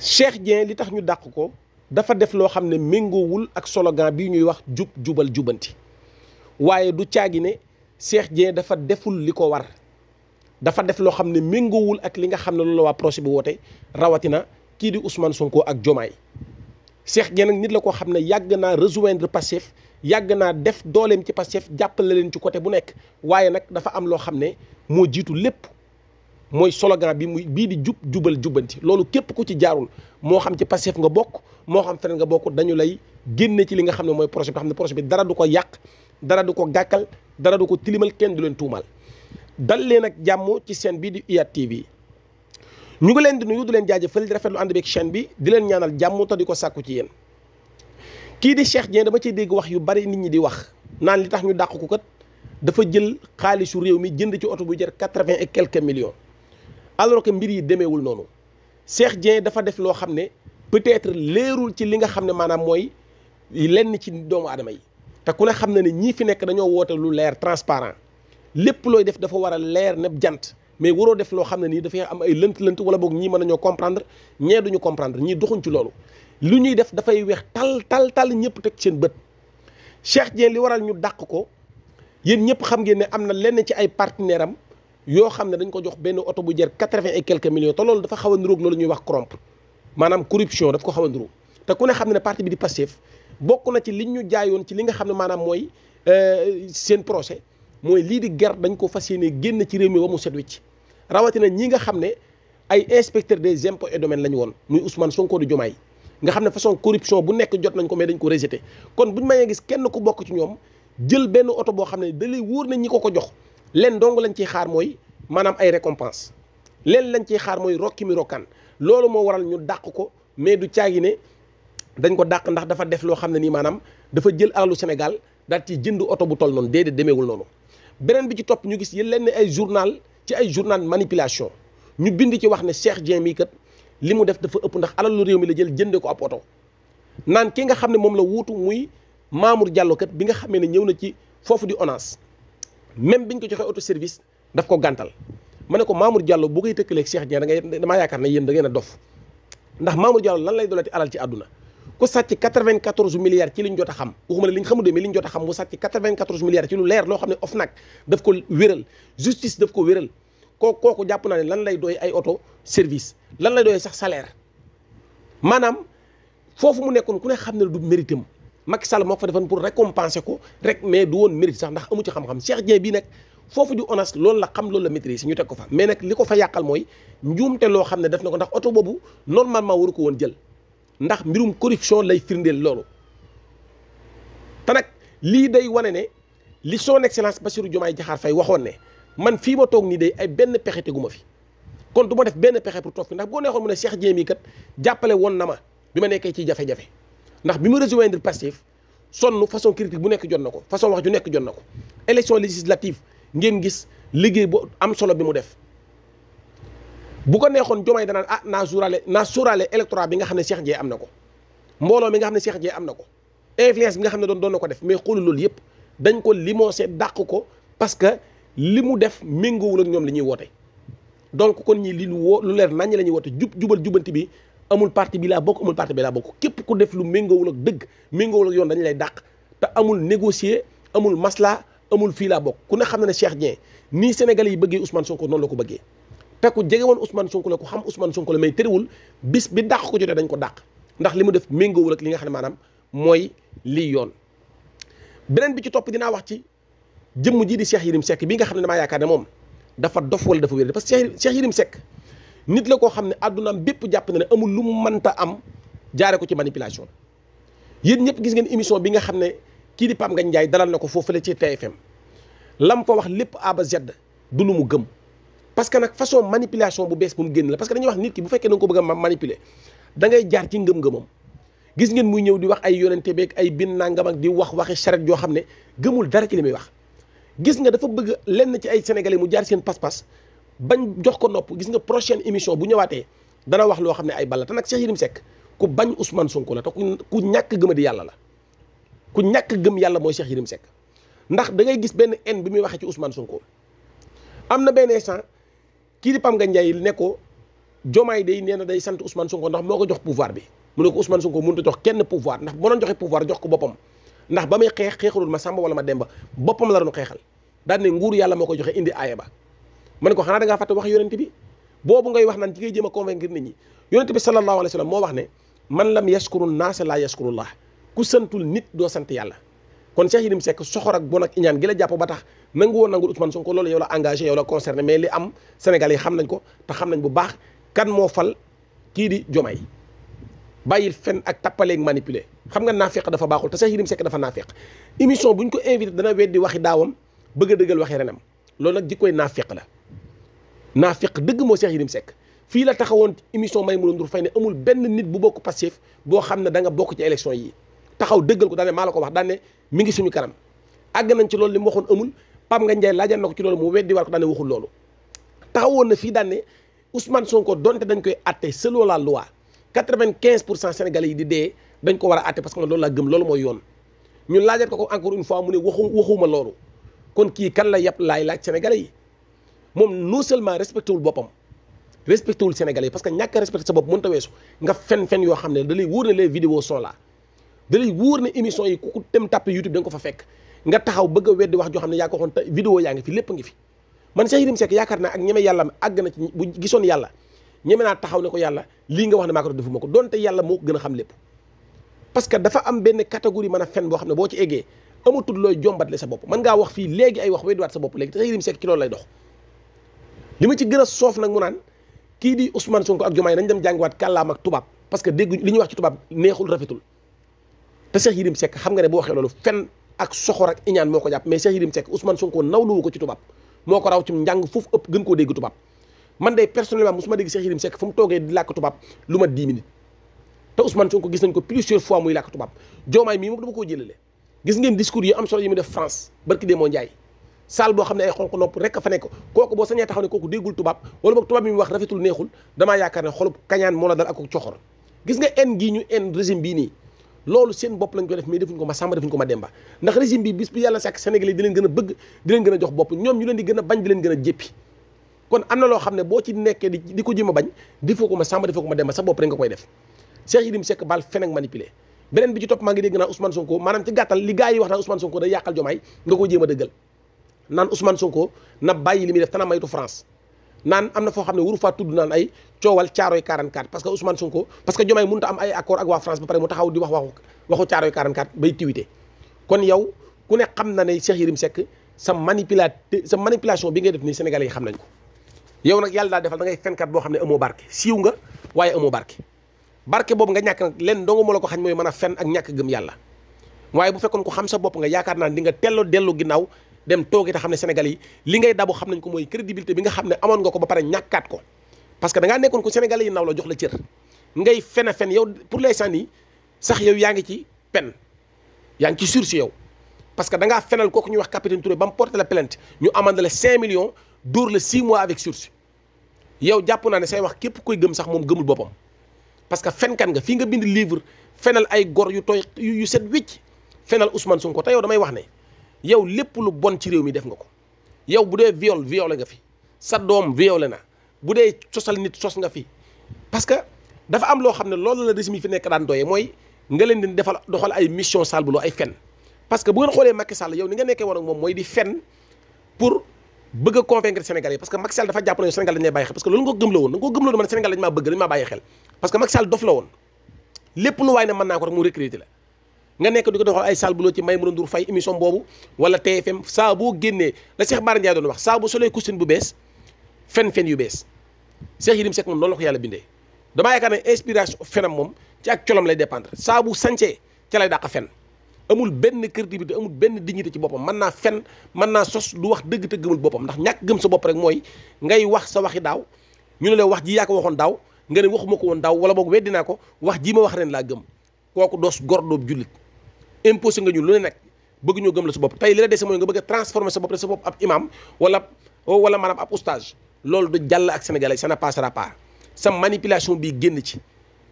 Cheikh Dieng li tax ñu dàq ko dafa def loo xam ne méngoowul ak sologan bi ñuy wax jub jubal jubanti waaye du caagi ne Cheikh Dieng dafa deful li ko war dafa def loo xam ne méngoowul ak li nga xam ne loolu la waa projet bi woote rawatina kii di Ousmane Sonko ak Jomaay Cheikh Dieng nag nit la koo xam ne yàgg naa rejoindre Pastef yàgg naa def dooleem ci Pastef jàppale leen ci côté bu nekk waaye nag dafa am loo xam ne moo jiitu lépp mooy slogan bi muy bii di jub jubal jubbanti loolu képp ku ci jaarul moo xam ci Pastef nga bokk moo xam feneen nga bokk dañu lay génne ci li nga xam ne mooy projet bi xam ne bi dara du ko yàq dara du ko gàkkal dara du ko tilimal kenn du leen tuumaal dal leen ak jàmm ci seen bii di IYAT TV ñu ngi leen di nuyu du leen jaajëfal di rafetlu ànd beeg chaîne bi di leen ñaanal jàmm te di ko sàkku ci yéen kii di Cheikh Dieng dama ciy dégg wax yu bari nit ñi di wax naan li tax ñu dàq ko kat dafa jël xaalisu réew jënd ci oto bu jar quatre-vingt et quelques millions alors que mbir yi demeewul noonu Cheikh Dieng dafa def loo xam ne peut-être leerul ci li nga xam ne maanaam mooy lenn ci doomu adama yi te ku ne xam ne ne ñii fi nekk dañoo woote lu leer transparent lépp looy def dafa war a leer ne jant mais waroo def loo xam ne nii dafay am ay lënt-lënt wala boog ñii mën nañoo comprendre ñee duñu comprendre ñii doxuñ ci loolu lu ñuy def dafay weex tal tal tal ñëpp teg seen bët Cheikh Dieng li waral ñu dàq ko yéen ñëpp xam ngeen ne am na lenn ci ay partenaire am yoo xam ne dañ ko jox benn oto bu jar quatre-vingt et quelques millions te loolu dafa xaw a niroog loolu ñuy wax corrompre maanaam corruption daf ko xaw a niroog te ku ne xam ne parti bi di Pastef bokk na ci li ñu jaayoon ci li nga xam ne maanaam mooy euh, seen projet mooy lii di guerre dañ ko fas yéene génn ci réew mi ba mu set wecc rawatina ñi nga xam ne ay inspecteur des impôts et domaines la ñu woon muy Ousmane Sonko di Diomaye nga xam ne façon corruption bu nekk jot nañ ko mais dañ ko rejeté kon buñ mayee gis ku bokk ci ñoom jël benn oto boo xam ne da lay wóor ñi ko ko jox leen dong lañ ciy xaar mooy maanaam ay récompense leen lañ ciy xaar mooy rokki mi rokkaan loolu moo waral ñu dàq ko mais du caagi ne dañ ko dàq ndax dafa def loo xam ne nii maanaam dafa jël alalu Sénégal dal ci jënd oto bu toll noonu déedéet demeewul noonu beneen bi ci topp ñu gis yéen leen ne ay journal ci ay journal manipulation ñu bind ci wax ne Cheikh Dieng mii kat li mu def dafa ëpp ndax alalu réew mi la jël jënde ko ab oto naan ki nga xam ne moom la wuutu muy Mamour Diallo bi nga xamee ne ñëw na ci foofu di ONAS même biñ ko joxee auto service daf ko gàntal ma ne ko Mamour Diallo bu koy tëkkaleeg Cheikh Dieng da ngay damaa yaakaar ne yéen da ngeen a dof ndax Mamour Diallo lan lay dolati alal ci àdduna ku sàcc 94 milliards jot a xam waxuma ne liñ a xam mu sàcc 94 milliards ci lu ko wéral koo kooku jàpp naa ne lan lay doy ay auto service lan lay dooy sax salaire maanaam foofu mu nekkoon ku ne xam ne du méritam Macky Sall moo ko fa defoon pour récompenser ko rek mais du woon mérite sax ndax amu ci xam-xam Cheikh jee bi nag foofu di ONAS loolu la xam loolu la maîtrise ñu teg ko fa mais nag li ko fa yàqal mooy njuumte loo xam ne def na ko ndax oto boobu normalement waru ko woon jël ndax mbirum corruption lay firndeel loolu te nag lii day wane ne li son excellence Bassirou Diomaye jaxaar Faye waxoon ne man fii ma toog nii day ay benn pexe tegu ma fi kon du ma def benn pexe pour toog fi ndax boo neexoon mu ne Cheikh Dieng mii kat jàppale woon na ma bi ma nekkee ci jafe-jafe ndax bi mu rejoindre Pastef sonn façon critique bu nekk jot na ko façon wax ju nekk jot na ko élection législative ngeen gis liggéey bu am solo bi mu def bu ko neexoon Diomaye danaan ah naa suurale naa suurale électorat bi nga xam ne Cheikh Ndiaye am na ko mbooloo mi nga xam ne Cheikh Ndiaye am na ko influence bi nga xam ne doon doon na ko def mais xoolu loolu yëpp dañ ko limoncé dàq ko parce que li mu def méngoowul ak ñoom li ñuy woote donc kon ñi li lu woo lu leer nañ la ñuy woote jub jubal jubanti bi amul parti bi laa bokk amul parti bi bokk képp ku def lu méngoowul ak dëgg méngoowul ak yoon dañu lay dàq te amul négocier amul masla amul fii laa bokk ku ne xam na ne Cheikh Dieng nii Sénégalais yi bëggee Ousmane Sonko noonu la ko bëggee te ku jege woon Ousmane Sonko la ku xam Ousmane Sonko la mais tëriwul bis bi dàq ko jotee dañ ko dàq ndax li mu def méngoowul ak li nga xam ne maanaam mooy lii yoon beneen bi ci topp dinaa wax ci jëmm jii di Cheikh Yérim Seck bi nga xam ne damaa yaakaar ne moom dafa dof wala dafa wér dafa Cheikh Cheikh Yérim Seck nit la koo xam ne àddunaam bépp jàpp na ne amul lu mu manta am jaare ko ci manipulation yéen ñëpp gis ngeen émission bi nga xam ne kii di Pape Ngagne Ndiaye dalal na ko foofu foofule ci TFM lam fa wax lépp aba zedd du lu mu gëm parce que nag façon manipulation bu bees bu mu génn la parce que wax nit ki bu fekkee da nga ko bëgg a manipuler da jaar ci ngëm-ngëmam gis ngeen muy ñëw di wax ay yonente beeg ay bin nangam ak di wax waxi charette yoo xam ne gëmul dara ci li wax gis nga dafa bëgg lenn ci ay sénégalais mu jaar seen pas bañ jox ko nopp gis nga prochaine émission bu ñëwaatee dana wax loo xam ne ay balla te nag Cheikh Yérim sekk ku bañ Ousmane Sonko la te ku ñàkk gëm di yàlla la ku ñàkk gëm yàlla mooy Cheikh Yérim sekk ndax da ngay gis benn haine bi muy waxee ci Ousmane Sonko am na benn instant kii di Pam nga ne ko Jomaay day nee na day sant Ousmane Sonko ndax moo ko jox pouvoir bi mu ne ko Ousmane Sonko mënut a jox kenn pouvoir ndax mënoon joxe pouvoir jox ko boppam ndax ba muy xeex xeexalul ma Samba wala ma Demba boppam la doon xeexal daan nguur yàlla moo ko joxe indi aaya ba man ko xanaa da ngaa fàtte wax yonent bi boobu ngay wax naan ci ngay jéem a convaincre nit ñi yonent bi sallallahu alayhi wa moo wax ne man lam yaskuru naasa laa yaskurullah ku santul nit doo sant yàlla kon Cheikh Yérim Seck soxor ak bon ak iñaan gi la jàpp ba tax nangu woon nangul Ousmane Sonko loolu yow la engagé yow la concerné mais li am Sénégal yi xam nañ ko te xam nañ bu baax kan moo fal kii di Diomaye bàyyil fen ak tappaleeg manipuler xam nga naafeq dafa baaxul te Cheikh Yérim Seck dafa naafeq émission bu ko invité dana weddi waxi daawam bëgg a dëggal waxi renam loolu nag jikkoy naafeq la naafiq dëgg moo Cheikh Yérim sekk fii la taxawoon émission Maïmouna Ndour Faye ne amul benn nit bu bokk Pastef boo xam ne da nga bokk ci élection yi taxaw dëggal ko daane maa la ko wax daane mi ngi suñu kanam àgg nañ ci loolu li mu waxoon amul Pape Ngagne Ndiaye laajal na ko ci loolu mu weddi war ko daane waxul loolu taxawoon na fii daane Ousmane Sonko donte dañ koy atte selon la loi quatre-vingt-quinze pour cent sénégalais yi di dee dañ ko war a atte parce que man laa gëm loolu mooy yoon ñun laajal ko ko encore une fois mu ne waxu waxuma loolu kon kii kan la yàpp laay laaj sénégalais yi moom non seulement respecté wul boppam respecté wul Sénégalais yi parce que ñàkk a sa bopp mënut a weesu nga fen fen yoo xam ne da wóor ne les vidéos sont là da lay wóor ne émission yi ku dem tàppe YouTube da ko fa fekk nga taxaw bëgg a weddi wax jox xam ne yaa ko waxoon te yaa ngi fi lépp ngi fi man Cheikh yaakaar naa ak ñeme yàlla àgg na ci bu gisoon yàlla ñeme naa taxaw ne ko yàlla lii nga wax ne maa ko defuma ko donte yàlla moo ko gën a xam lépp parce que dafa am benn catégorie mën a fen boo xam ne boo ci eggee amatul looy jombatle sa bopp mën wax fii léegi ay wax weddiwaat sa bopp léegi te Cheikh Yérim lay dox li ma ci gën a soof nag mu naan kii di Ousmane Sonko ak Diomaye dañ dem jàngiwaat kàllaam ak tubaab parce que dégg li ñuy wax ci tubaab neexul rafetul te xam nga ne bu waxee loolu fen ak soxor ak iñaan moo ko jàpp mais Cheikh Yérim Seck Ousmane Sonko nawluwu ko ci tubaab moo ko raw ci njàng foofu toogee di làkk tubaab lu ma 10 minutes te Ousmane Sonko gis nañ ko plusieurs mii moom dama koo jëlale gis ngeen discours yu am solo yi mu def France barki dee moo Ndiaye salle boo xam ne ay xonq nopp rek a fa nekk kooku boo sañee taxaw ne kooku déggul tubaab wala boog tubaab bi mu wax rafetul neexul damaa yaakaar ne xolub kañaan moo la dal ak coxor gis nga en gii ñu en régime bii nii loolu seen bopp lañ ko def mais a bëgg a bopp ñoom ko jéem a bañ defoo ko ma koy def maa ngi dégg naa Ousmane Sonko maanaam ci gàttal li gars yi wax naa Ousmane Sonko day yàqal jomaay nga ko jéem dëggal naan Ousmane Sonko na bàyyi li muy def tana maytu France naan am na foo xam ne wuru faa tudd naan ay coowal caaroy 44 parce que Ousmane Sonko parce que Diomaye mënut a am ay accord ak waa France ba pare mu taxaw di wax waxu caaroy 44 bay tiwite kon yow ku ne xam na ne Cheikh Yérim Seck sa manipula sa manipilation bi ngay def nii Sénégalais yi xam nañ ko yow nag yàlla daal defal da ngay fenkat boo xam ne amoo barke siiw nga waaye amoo barke barke boobu nga ñàkk nag leen donga moo la ko xañ mooy mën a fen ak ñàkk gëm yàlla waaye bu fekkoon ko xam sa bopp nga yaakaar naa di nga tello dellu ginnaaw dem toogi te xam ne Sénégal yi li ngay dabu xam nañ ko mooy crédibilité bi nga xam ne amoon nga ko ba pare ñàkkaat ko parce que da ngaa nekkoon ko Sénégal yi naw la jox la cër ngay fen a fen yow pour l'instant yi sax yow yaa ngi ci pen yaa ngi ci sursis yow parce que da ngaa fenal kooku ñuy wax capitaine Touré ba mu porté la plainte ñu amande la 5 millions dóor la 6 mois avec sursis yow jàpp naa ne say wax képp koy gëm sax moom gëmul boppam parce que fenkan nga fii nga bind livre fenal ay gor yu tooy yu set wicc fenal Ousmane Sonko te yow damay wax ne yow lépp lu bon ci réew mi def nga ko yow bu dee viol violé nga fi sa doom violé na bu dee sosal nit sos nga fi parce que dafa am loo xam ne loolu la régime yi fi nekk daan doyee mooy nga leen di defal doxal ay mission salbuloo ay fen parce que bu ngeen xoolee Macky Sall yow ni nga nekkee woon ak moom mooy di fen pour bëgg a convaincre Sénégalais parce que Macky Sall dafa jàpp ne Sénégal dañ lay bàyyi xel parce Sénégal dañ maa bàyyi xel parce que Macky dof la woon lépp lu waay ne mën la nga nekk di ko doxal ay salle bu loo ci Maimouna Ndour Faye émission boobu wala TFM saa boo génnee la Cheikh Bara Ndiaye doon wax saa bu solee costume bu bees fen-fen yu bees Cheikh Yérim Seck moom noonu la ko yàlla bindee damaa yaakaar ne inspiration fenam moom ci ak colom lay dépendre saabu bu sancee ca lay dàq fen amul benn crédibilité amul benn dignité ci boppam mën naa fen mën naa sos du wax dëgg te gëmul boppam ndax ñàkk gëm sa bopp rek mooy ngay wax sa waxi daaw ñu ne la wax ji yaa ko waxoon daaw nga ne waxuma ko woon daaw wala boog weddinaa ko wax ji ma wax ren laa gëm kooku doos gor doob jullit imposé nga ñu lu ne nekk bëgg ñoo gëm la sa bopp tey li la dese mooy nga bëgg a transformer sa bopp sa bopp ab imam wala oh, wala maanaam ab oustage loolu du jàll ak sénégalais ça ne passera pas sa manipulation bi génn ci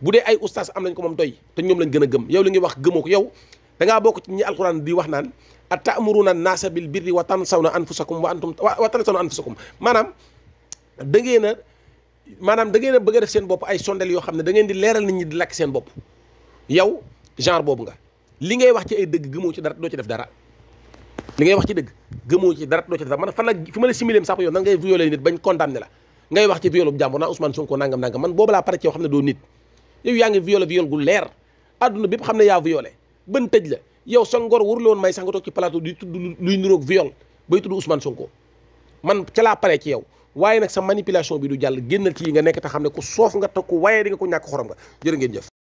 bu dee ay oustage am nañ ko moom doy te ñoom lañ gën a gëm yow li ngay wax gëmoo ko yow da bokk ci ñi alquran di wax naan a taamuruna naasa bil birri wa tansawna anfusakum wa antum wa tansawna anfusakum maanaam da ngeen a maanaam da ngeen bëgg a def seen bopp ay sondel yoo xam ne da di leeral nit ñi di lakk seen yow genre boobu nga li ngay wax ci ay dëgg gëmoo ci dara doo ci def dara li wax ci dëgg gëmoo ci dara doo ci def dara man fan la fi ma la simileem sax yow nan ngay violé nit bañ condamné la ngay wax ci violub jàmbur naa Ousmane Sonko nangam nangam man boobu laa pare ci yow xam ne doo nit yow yaa ngi violé viol gu leer adduna bépp xam ne yaa la yow sa ngor warul woon may sax nga toog ci plateau di tudd luy niroog viol bay tudd Ousmane Sonko man ca laa pare ci yow waaye nag sa manipulation bi du jàll génnal ci yi nga nekk te xam ne ku soof nga te ku waaye di nga ko ñàkk xorom nga jërë ngeen jëf